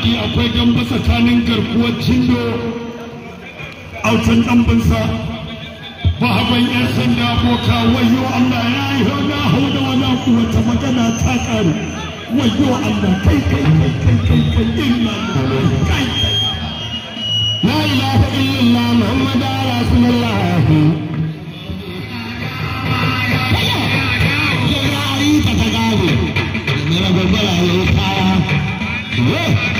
bagi apa yang kamu sekalian kerbuat cindo Aku cintam bensa Bahawa yang senda buka wajah anda yai hana huda wana kuat Sama kena takar wajah anda kai kai kai kai kai kai Inna kai kai La ilaha illallah Muhammad Rasulullah Yeah.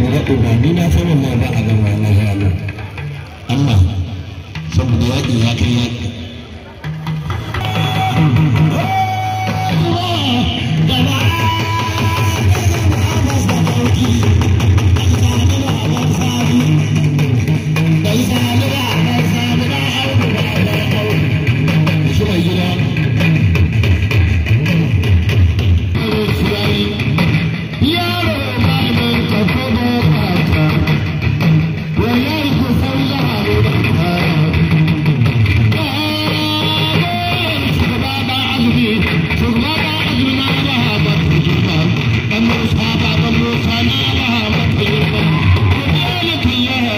gobe gobe ni na fa wannan ba a nan wannan Allah saboda yaƙi ya kai yaƙi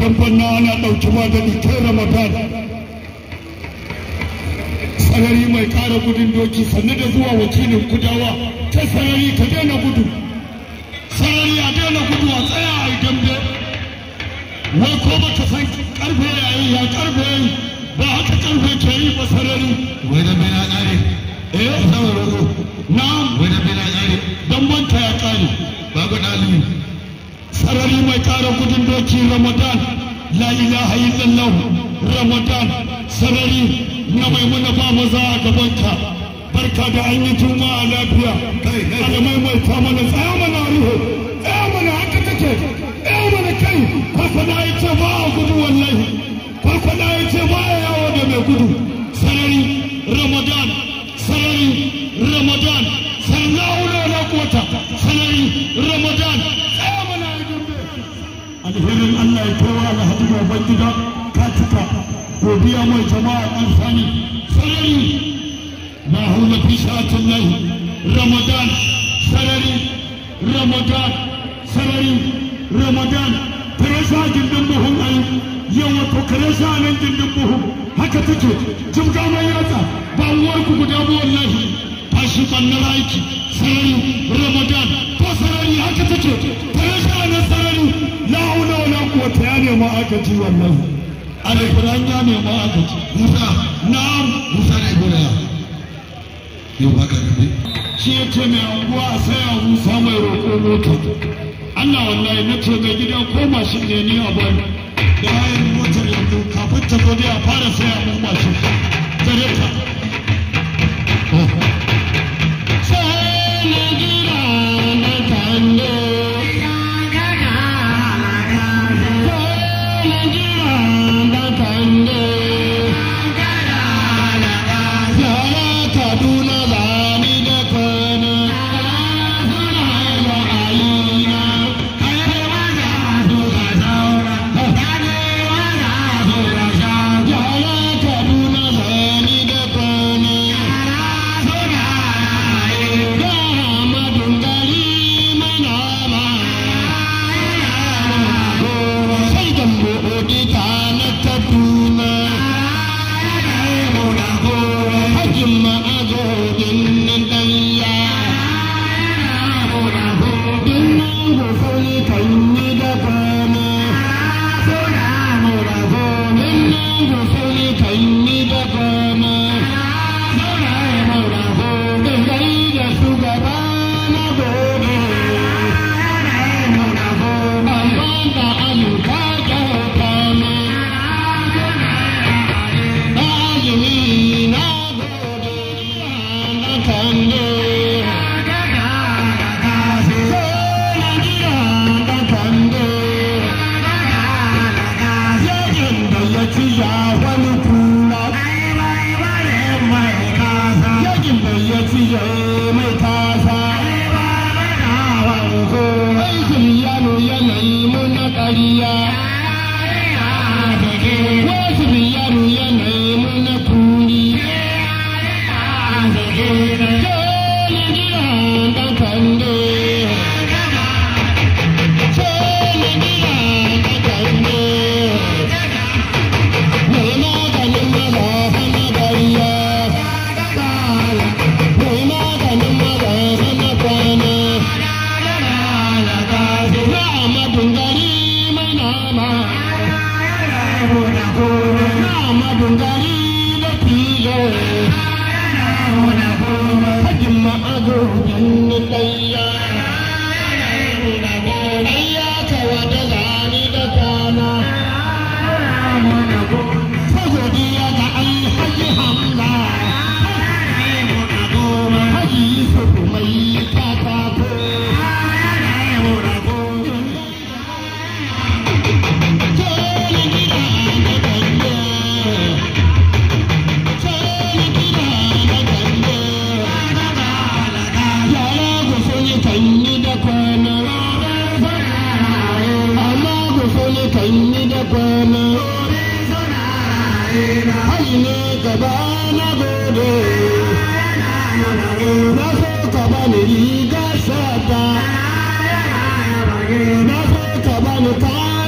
famfan na ana ɗauki magani tun ramadan sarari mai ƙara gudun doki sannu da zuwa wakilin kudawa ta sarari ka daina gudu sarari a daina gudu a tsaya a gambe wai ko ba ka san ƙarfe yayi ya ƙarfe. yayi ba haka ƙarfe ke yi ba sarari wai da bai na ƙare eh na'am wai da bai na ƙare dan banta ya sarki mai kara kudin doki ramadan la ilaha illallah ramadan sarari na mai muna ba maza a ka barka da an yi juma'a lafiya alamai mai ta mana tsaya mana ruhu tsaya mana haka take tsaya mana kai kwakwada yi ce ba a gudu wallahi kwakwada yi ce ba a yawo da mai gudu sarari ramadan sarari ramadan alherin Allah ya kowa alhaji babban gida ka cika biya mai jama'a an sani sarari na haula fi sha'atin lahi ramadan sarari ramadan sarari ramadan karasa gindin buhun ayi nan gindin buhun haka take mai ba guda sarari ramadan ko sarari haka take nan nema aka ci wannan alƙur'an ya nema aka ci musa na musa ne guraya yau ba ka kaɗe shi ya ce mai anguwa a saya musa mai roƙo mota Allah wallahi na ce mai gida ko mashin ne ni a bani da hayan motar yanzu kafin ta zo dai a fara saya mun mashin tare ta गाही थी yìí dá sọ̀tà. Ìbáfẹ́ kàbálùkà.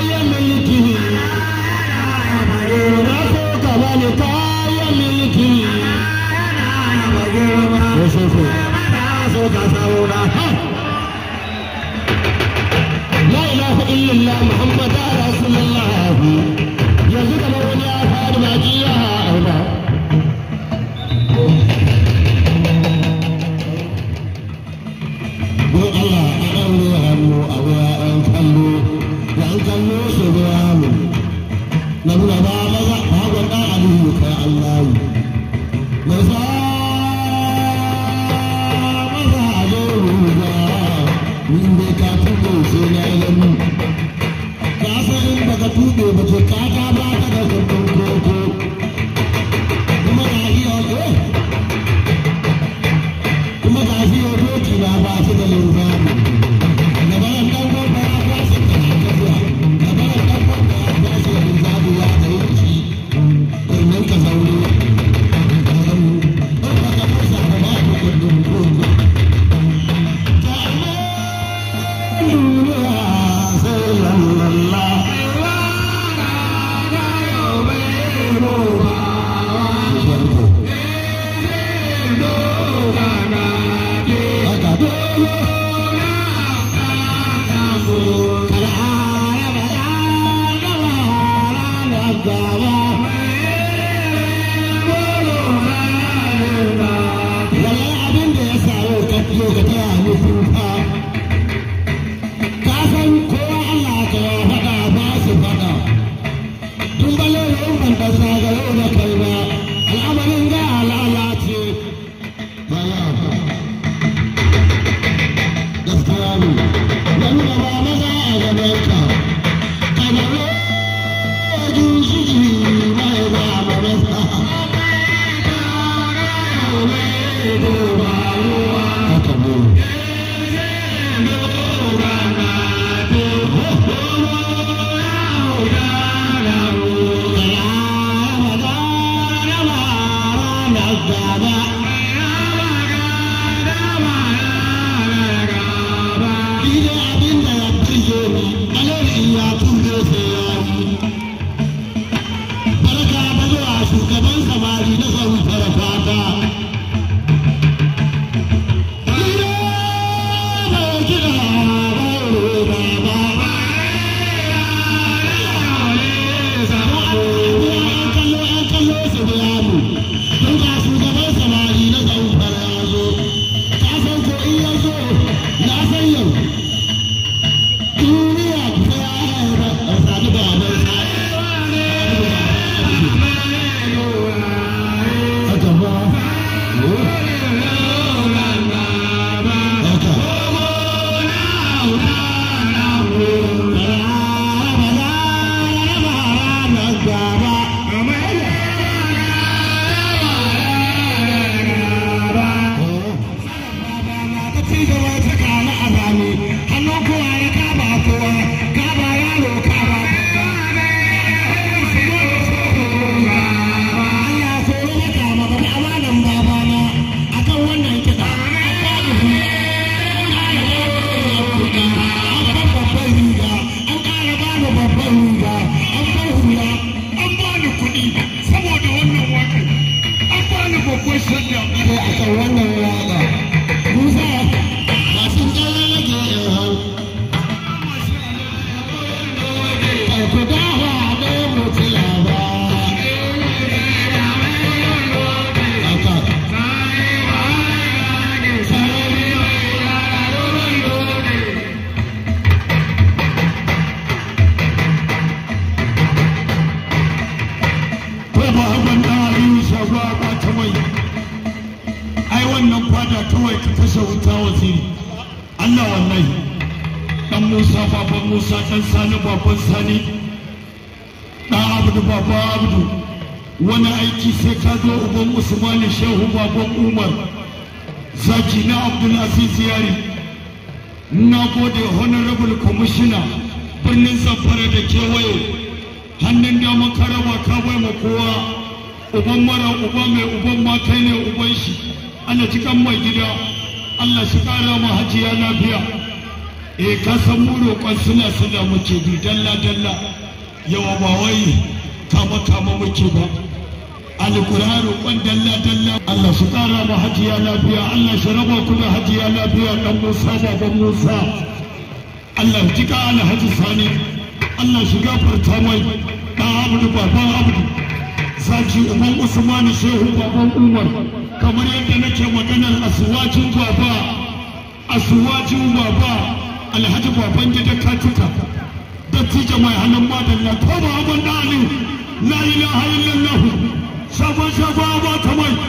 wannan baba hagon da aliyu shagwa ba ta mai ai wannan fada kawai ta kashe wuta waziri allah wallahi dan musa baban musa dan sani baban sani dan abdu baba abdu wani aiki sai ka zo uban Usman shehu baban umar zaki na abdul aziz yari na gode honorable commissioner birnin zamfara da kewaye hannun dama ka raba ka bai ma kowa uban mara uba mai uban ma kai ne uban shi ana ci kan mai gida Allah shi kara ma hajiya lafiya E, ka san mu roƙon suna suna muke bi dalla dalla yawa ba wai kama kama muke ba alƙur'an roƙon dalla dalla Allah shi kara ma hajiya lafiya Allah shi raba ku da hajiya lafiya dan Musa baban Musa Allah ji ka alhaji Sani Allah shi gafarta mai ɗan abudu baban abudu zaki umar usman shehu baban umar kamar yadda nake maganar asuwacin baba asuwacin baba alhaji baban gida katuka dattijo mai halin madalla ko ba abin da la ilaha illallah sabon shagwa ba ta mai